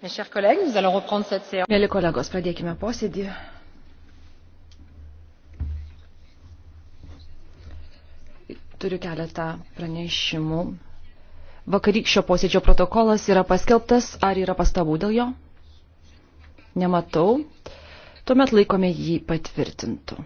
Mėly kolegos, pradėkime posėdį. Turiu keletą pranešimų. Vakarykščio posėdžio protokolas yra paskelbtas. Ar yra pastabų dėl jo? Nematau. Tuomet laikome jį patvirtintų.